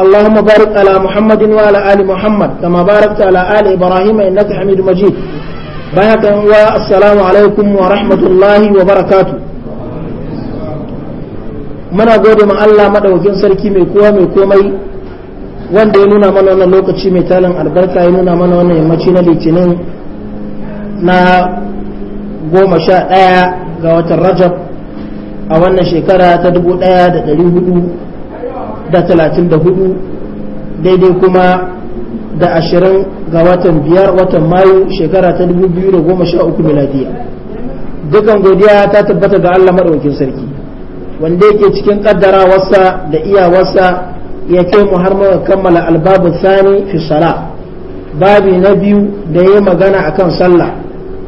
اللهم بارك على محمد وعلى آل محمد كما باركت على آل إبراهيم إنك حميد مجيد بارك والسلام عليكم ورحمة الله وبركاته muna gode ma Allah madaukakin sarki mai kowa mai komai wanda ya nuna mana wannan lokaci mai talin albarka ya nuna mana wannan yammaci na litinin na goma sha ɗaya ga watan rajab a wannan shekara ta dubu ɗaya da ɗari hudu da talatin da hudu daidai kuma da ashirin ga watan biyar watan mayu shekara ta dubu biyu da goma sha uku miladiya dukan godiya ta tabbata ga allah maɗaukin sarki wanda yake cikin wasa da iyawarsa ya kai mu har muka kammala albabu sani fi sala babi na biyu da ya magana akan sallah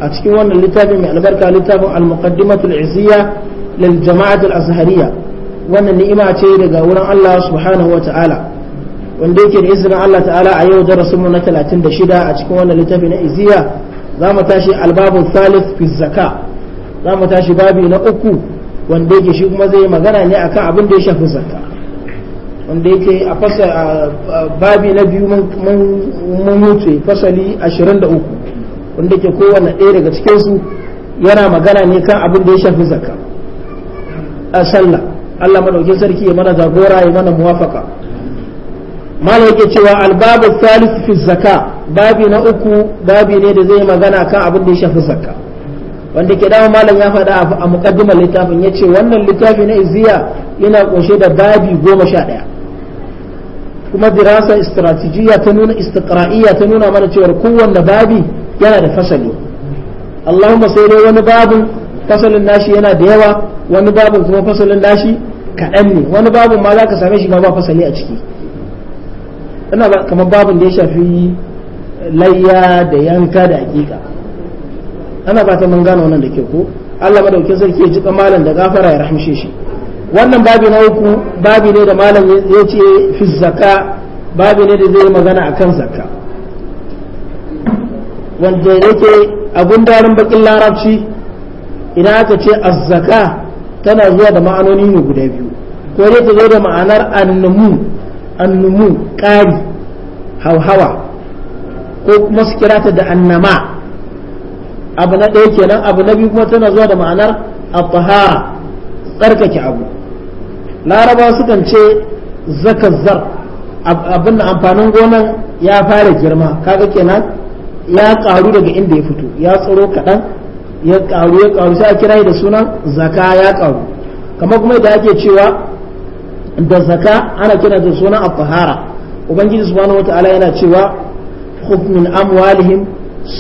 a cikin wannan littafin mai albarka littafin al-muqaddimatul izziya lil jama'atul azhariyya wannan ni'ima ce daga wurin Allah subhanahu wa ta'ala wanda yake da izinin Allah ta'ala a yau darasin mu na 36 a cikin wannan littafi na iziya za mu tashi albabu Salif fi zaka za mu tashi babi na uku wanda yake shi kuma zai magana ne akan abin da ya shafi Zaka wanda yake a fasa babi na biyu mun mutu fasali 23 wanda yake kowanne ɗaya daga cikin su yana magana ne kan abin da ya shafi zakka a sallah Allah madaukin sarki ya mana zagora ya mana muwafaka malam yake cewa albabu thalith fi zaka babi na uku babi ne da zai yi magana kan abin da ya shafi zakka wanda ke dawo malam ya faɗa a muqaddimar littafin ce wannan littafi na iziya yana kunshe da babi goma sha ɗaya kuma dirasa istratijiyya ta nuna istiqra'iyya ta nuna mana cewa kowanne babi yana da fasali Allahumma sai dai wani babin fasalin nashi yana da yawa wani babin kuma fasalin nashi kaɗan ne wani babin ma za ka same shi ma ba fasali a ciki ina ba kamar babin da ya shafi layya da yanka da hakika ana ba ta mun gane wannan da ke ko Allah madaukin sarki ya jika malam da gafara ya rahmshe shi wannan babi na uku babi ne da malam ya ce fi zakka babi ne da zai magana akan zakka wanda yake abun darin bakin larabci idan aka ce azzaka tana zuwa da ma'anoni ne guda biyu ko dai ta zo da ma'anar annumu annumu ƙari hauhawa ko kuma su kira ta da annama abu na ɗaya kenan abu na biyu kuma tana zuwa da ma'anar at tsarkake abu laraba sukan ce zakazzar abin amfanin gonan ya fara girma kaga kenan ya karu daga inda ya fito ya tsoro kaɗan ya karu ya ƙaru sai a kira da sunan zaka ya ƙaru kamar kuma da ake cewa da zaka ana kira da sunan a tahara ubangiji subhanahu wataala yana cewa hukmin amwalihim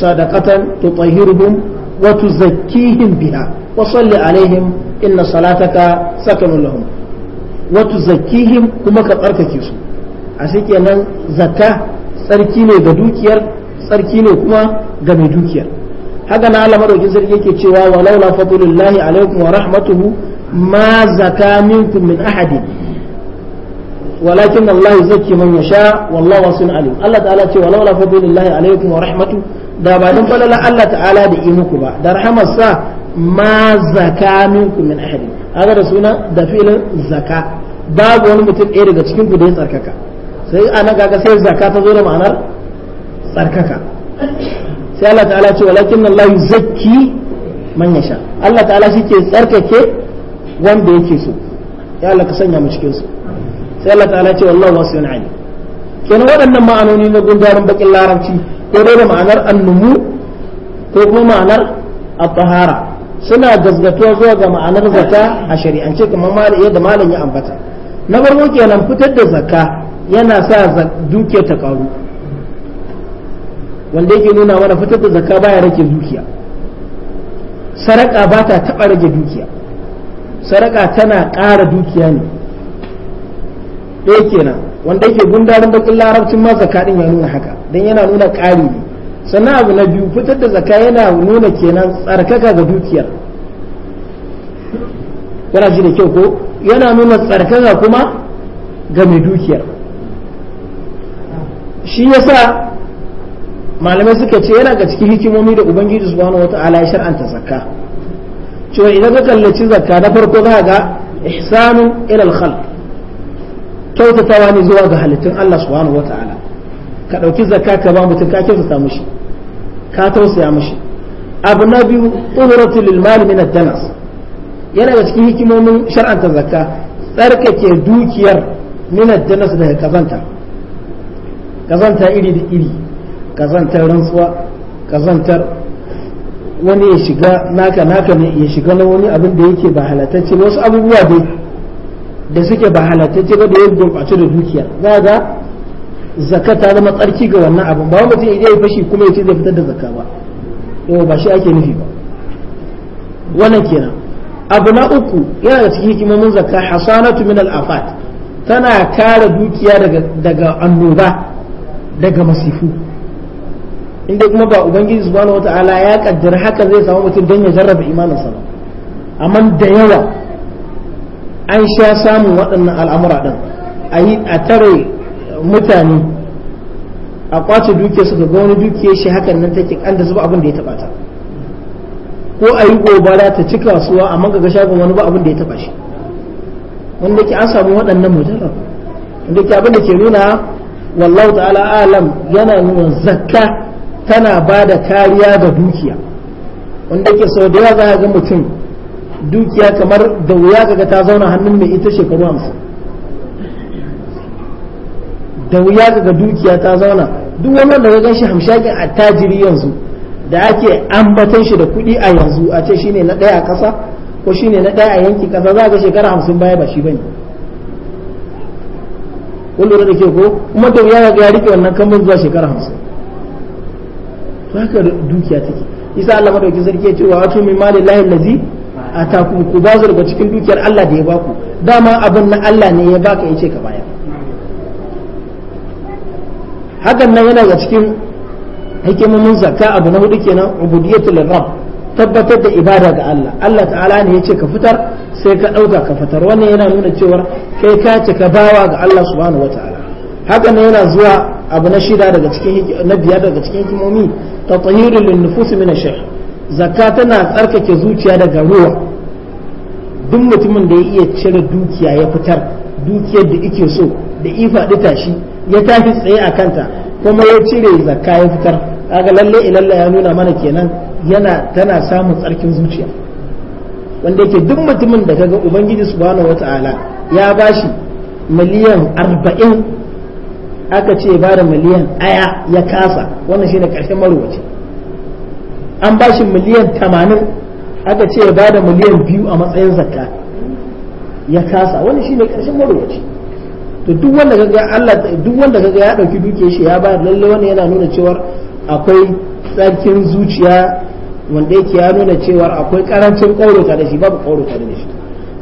sadaqatan tutahhiruhum wa tuzakkihim biha wa salli alaihim inna salataka sakanun lahum wa tuzakkihim kuma ka tsarkake su a shi kenan zaka tsarki ne ga dukiyar tsarki ne kuma ga mai dukiyar haka na Allah madaukin sarki yake cewa wa laula fadlullahi alaikum wa rahmatuhu ma zaka minkum min ahadin walakin Allah zaki man yasha wallahu wasun alim Allah ta'ala ce wa laula fadlullahi alaikum wa rahmatuhu da ba dan falala Allah ta'ala da yi muku ba da rahamarsa ma zaka minkum min ahadin haka da suna da filin zaka babu wani mutum ɗaya daga cikin ku da ya tsarkaka sai ana kaga sai zaka ta zo da ma'anar tsarkaka sai Allah ta'ala ce walakin Allah yuzakki man yasha Allah ta'ala shi ke tsarkake wanda yake so ya Allah ka sanya mu cikin su sai Allah ta'ala ce wallahu wasi'un alim kenan waɗannan ma'anoni na gundarin bakin larabci ko dai da ma'anar annumu ko kuma ma'anar at-tahara suna gazgatuwa zuwa ga ma'anar zakka a shari'ance kamar malam yadda malam ya ambata na farko kenan fitar da zakka yana sa duke ta karu wanda yake nuna mana fitar da zakka baya rage dukiya saraka ba ta taɓa rage dukiya saraka tana ƙara dukiya ne ɗaya kenan wanda yake gundarin bakin larabcin ma zakka ɗin ya nuna haka don yana nuna ƙari ne sannan abu na biyu fitar da zakka yana nuna kenan tsarkaka ga dukiyar yana ji da kyau ko yana nuna tsarkaka kuma ga mai dukiyar shi yasa malamai suka ce yana ga cikin hikimomi da ubangiji subhanahu wata'ala ya shar'anta zakka cewa idan ka kallaci zakka na farko za ga ihsanun ila al-khalq kyautatawa ne zuwa ga halittun Allah subhanahu wata'ala ka dauki zakka ka ba mutum ka kyautata mushi ka tausaya mushi abu na biyu tuhuratu lil mal min ad-danas yana ga cikin hikimomin shar'anta zakka tsarkake dukiyar min ad-danas daga kazanta kazanta iri da iri kazantar rantsuwa kazantar wani ya shiga naka naka ne ya shiga na wani abin da yake ba halatacce wasu abubuwa dai da suke ba halatacce ba da ya gurɓace da dukiya za ga zakka ta zama tsarki ga wannan abin ba mutum idan yi fashi kuma ya ce zai fitar da zakka ba yau ba shi ake nufi ba wannan kenan abu na uku yana da cikin hikimomin zakka hasanatu min al-afat tana kare dukiya daga daga annoba daga masifu in dai kuma ba ubangiji subhanahu wataala ya kaddara haka zai samu mutum don ya jarraba imaninsa ba amma da yawa an sha samun waɗannan al'amura ɗin a yi a tare mutane a kwace duke su ga wani duke shi hakan nan take kan da zuba abin da ya taɓa ta ko a yi gobara ta ci kasuwa amma ga shagon wani ba abin da ya taɓa shi wanda ke an samu waɗannan mujarrab wanda ke abin da ke nuna wallahu ta'ala alam yana nuna zakka tana ba da kariya ga dukiya wanda ke sau da yawa za ga mutum dukiya kamar da wuya kaga ta zauna hannun mai ita shekaru hamsin da wuya kaga dukiya ta zauna duk wannan da wajen shi hamshakin attajiri yanzu da ake ambatan shi da kuɗi a yanzu a ce shine na ɗaya a ƙasa ko shine na ɗaya a yanki ƙasa za ga shekara hamsin baya ba shi bane kun lura da ke ko kuma da wuya ga ya riƙe wannan kamar zuwa shekara hamsin haka dukiya take isa Allah madaukin sarki ya ce wa atu min mali lahi a taku ku ba zurba cikin dukiyar Allah da ya baku dama abin na Allah ne ya baka yace ka bayar hakan nan yana ga cikin hikimomin zakka abu na hudu kenan ubudiyatul rabb tabbatar da ibada ga Allah Allah ta'ala ne yace ka fitar sai ka dauka ka fitar wannan yana nuna cewa kai ka ka bawa ga Allah subhanahu wataala hakan nan yana zuwa abu na shida daga cikin na biyar daga cikin hikimomi tatahirul linnufus min ash-shirk zakka tana tsarkake zuciya daga ruwa duk mutumin da ya iya cire dukiya ya fitar dukiyar da yake so da ifaɗi tashi ya tafi tsaye a kanta kuma ya cire zakka ya fitar kaga lalle ilalla ya nuna mana kenan yana tana samun tsarkin zuciya wanda yake duk mutumin da kaga ubangiji subhanahu wata'ala ya bashi miliyan arba'in aka ce ya bada miliyan aya ya kasa wannan shine ƙarshen marubuci an ba shi miliyan tamanin aka ce ya bada miliyan biyu a matsayin zakka ya kasa wannan shine ƙarshen marubuci to duk wanda kaga Allah duk wanda kaga ya dauki dukiyar shi ya bada lalle wannan yana nuna cewa akwai tsarkin zuciya wanda yake ya nuna cewa akwai karancin kaurota da shi babu kaurota da shi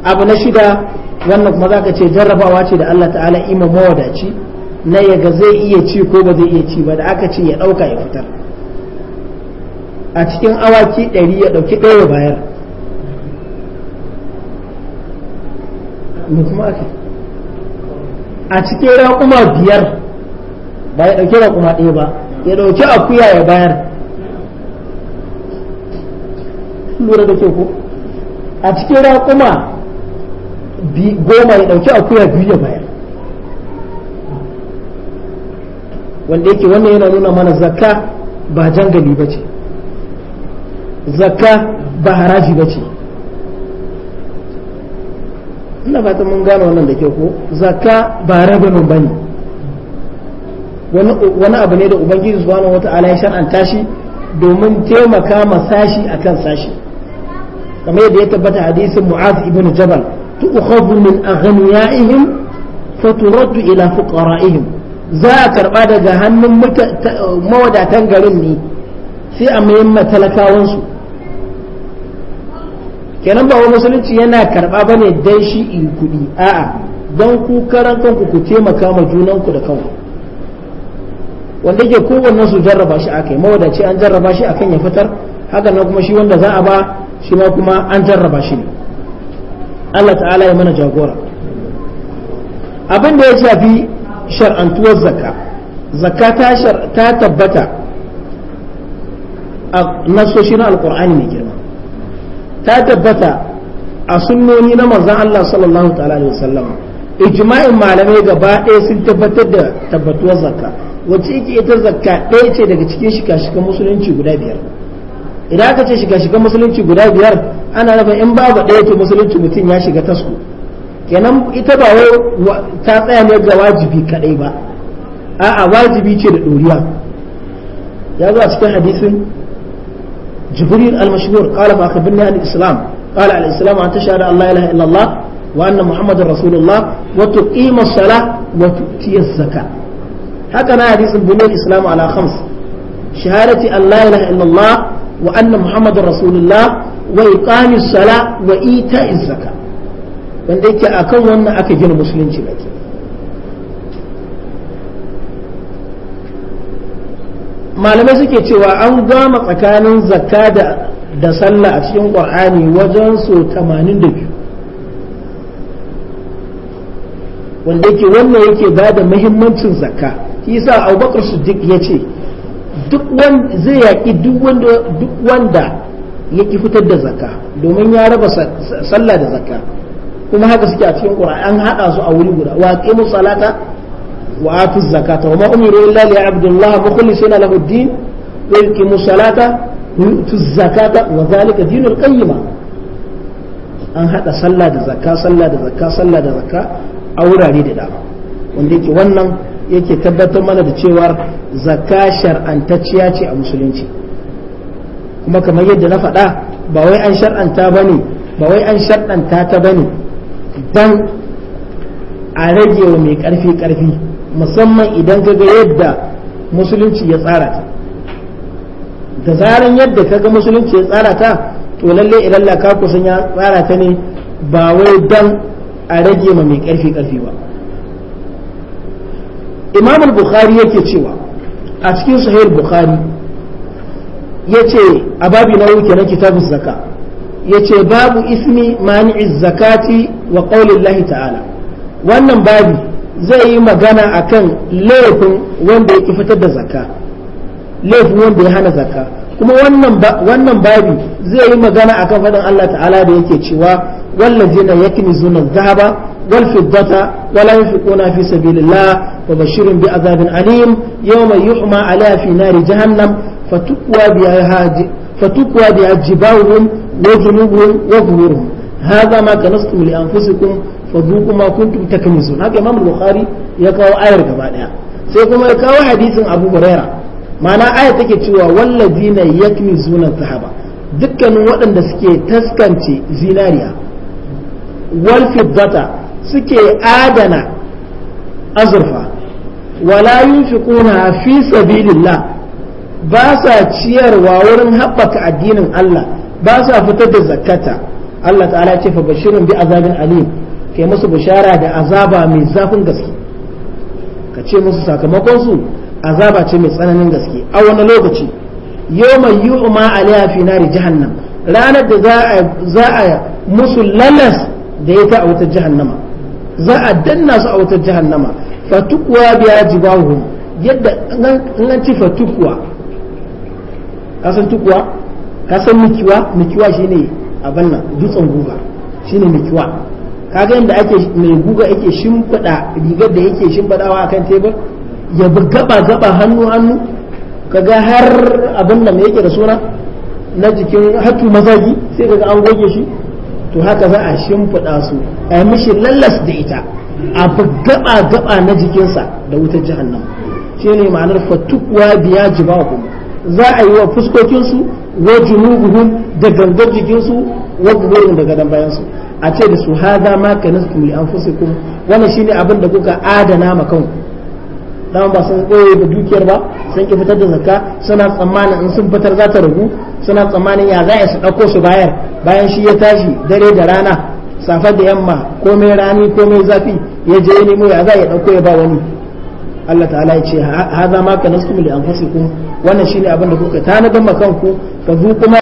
abu na shida wannan kuma zaka ce jarrabawa ce da Allah ta'ala ima mawadaci na yaga zai iya ci ko ba zai iya ci ba da aka ce ya ɗauka ya fitar a cikin awaki ɗari ya ɗauki ɗaya bayar a cikin raƙuma biyar ba ya ɗauki raƙuma ɗaya ba ya ɗauki akuya ya bayar lura da ke ko a cikin raƙuma goma ya ɗauki akuya biyu ya bayar wanda yake wannan yana nuna mana zakka ba jangali ba ce zakka ba haraji ba ce ina fatan mun gano wannan da ke ko zakka ba rabanin ba ne wani abu ne da ubangiji subhanahu wata'ala ya shar'anta shi domin taimaka ma sashi akan sashi kamar yadda ya tabbata hadisin mu'az ibn jabal tu'khadhu min aghniyaihim faturaddu ila fuqara'ihim za a karba daga hannun mawadatan garin ne sai a mayan matalakawansu kenan ba musulunci yana karba ba ne don shi in kuɗi a'a don ku karan kanku ku taimaka ma junanku da kanku wanda ke kowanne su jarraba shi yi mawadaci an jarraba shi akan ya fitar haka na kuma shi wanda za a ba shi ma kuma an jarraba shi ne Allah ta'ala ya mana jagora abin da ya shafi shar'antuwar zakka zakka ta tabbata a nasoshi na alkur'ani girma ta tabbata a sunnoni na manzon Allah sallallahu ta'ala alaihi wasallam ijma'in malamai gaba ɗaya sun tabbatar da tabbatuwar zakka wacce yake ita zakka ɗaya ce daga cikin shika-shikan musulunci guda biyar idan aka ce shika-shikan musulunci guda biyar ana nufin in babu ɗaya to musulunci mutum ya shiga tasko kenan ita ba wai ta tsaya ne ga wajibi kadai ba a'a wajibi ce da doriya ya zo a cikin hadisin jibril al-mashhur qala ma akhbirni al islam qala al-islam an tashhadu an la ilaha illa allah wa anna muhammadar rasulullah wa tuqima as-salah wa tu'ti az-zakah haka na hadisin buniyar islam ala khams shahadati an la ilaha illa wa anna muhammadar rasulullah wa iqami as-salah wa ita'i az-zakah wanda yake kan wannan aka gina musulunci baki malamai suke cewa an gama tsakanin zakka da da sallah a cikin qur'ani wajen so 82 wanda yake wannan yake ba da muhimmancin zakka isa abubakar siddiq ya ce duk wanda zai yaƙi duk wanda duk ya ƙi fitar da zakka domin ya raba sallah da zakka kuma haka suke a cikin qur'ani an haɗa su a wuri guda wa aqimus salata wa atuz zakata wa ma umiru illa Abdullahi abdullah mukhlisina lahu ad-din wa yuqimus salata wa yutuz zakata wa dhalika dinul qayyima an haɗa sallah da zakka sallah da zakka sallah da zakka a wurare da dama wanda yake wannan yake tabbatar mana da cewar zakka shar'antacciya ce a musulunci kuma kamar yadda na faɗa ba wai an shar'anta ba ne ba wai an shar'anta ta ba ne dan a rage mai karfi karfi musamman idan ka ga yadda musulunci ya tsara ta da zaran yadda ka ga musulunci ya tsara ta to lalle idan la ka kusan ya tsara ta ne ba wai dan a rage mai karfi karfi ba imam al-bukhari yake cewa a cikin sahih bukhari yace a babi na wuke na kitabus zakka yace babu ismi mani'iz zakati wa qaulillahi ta'ala wannan babi zai yi magana akan laifin wanda yake fitar da zakka laifin wanda ya hana zakka kuma wannan babi zai yi magana akan faɗin Allah ta'ala da yake cewa wallazina yaknizuna dhahaba wal fiddata wala yunfiquna fi sabilillah wa bashirin bi azabin alim yawma yuhma ala fi nari jahannam fatukwa biha fatukwa biha jibahum وجنوبهم وظهورهم هذا ما كنستم لأنفسكم فذوقوا ما كنتم تكنزون هكا إمام البخاري يكاو آية كبادها سيكون يكاو حديث أبو هريرة معنى آية تكتشوا والذين يكنزون الذهب dukkanin waɗanda suke taskance zinariya wal fiddata suke adana azurfa wala yunfiquna fi sabilillah ba sa ciyarwa wurin haɓaka addinin Allah ba sa fitar da zakata Allah ta'ala ce fa bashirun bi azabin alim kai musu bishara da azaba mai zafin gaske ka ce musu sakamakon su azaba ce mai tsananin gaske a wani lokaci yawma yu'ma alaiha fi nari jahannam ranar da za a za a musu lalas da ya ta a wutar jahannama za a danna su a wutar jahannama fatukwa biya jibahum yadda in an ci fatukwa kasan tukwa ka san mikiwa mikiwa shine abin nan dutsen guga shine mikiwa kaga yadda ake mai guga yake shimfiɗa rigar da yake shimfiɗawa kan tebur ya bi gaba gaba hannu hannu kaga har abin nan yake da suna na jikin hatu mazaji sai daga an goge shi to haka za a shimfiɗa su a yi mishi lallas da ita a bi gaba gaba na jikinsa da wutar nan shine ma'anar fatukwa biya kuma. za a yi wa fuskokinsu wa junubuhum da gangar jikinsu wa daga da gadon bayansu a ce da su haza ma an fusa kuma wannan shine abin da kuka adana ma dama dan ba sun tsaye da dukiyar ba sun ki fitar da zakka suna tsammanin in sun fitar za ta ragu suna tsammanin ya za a su ɗauko su bayar bayan shi ya tashi dare da rana safa da yamma komai rani komai zafi ya je nemo ya za a ya ɗauko ya ba wani Allah ta'ala ya ce haza ma an li kuma. wannan shine abin da kuka tanadan makanku ka zo kuma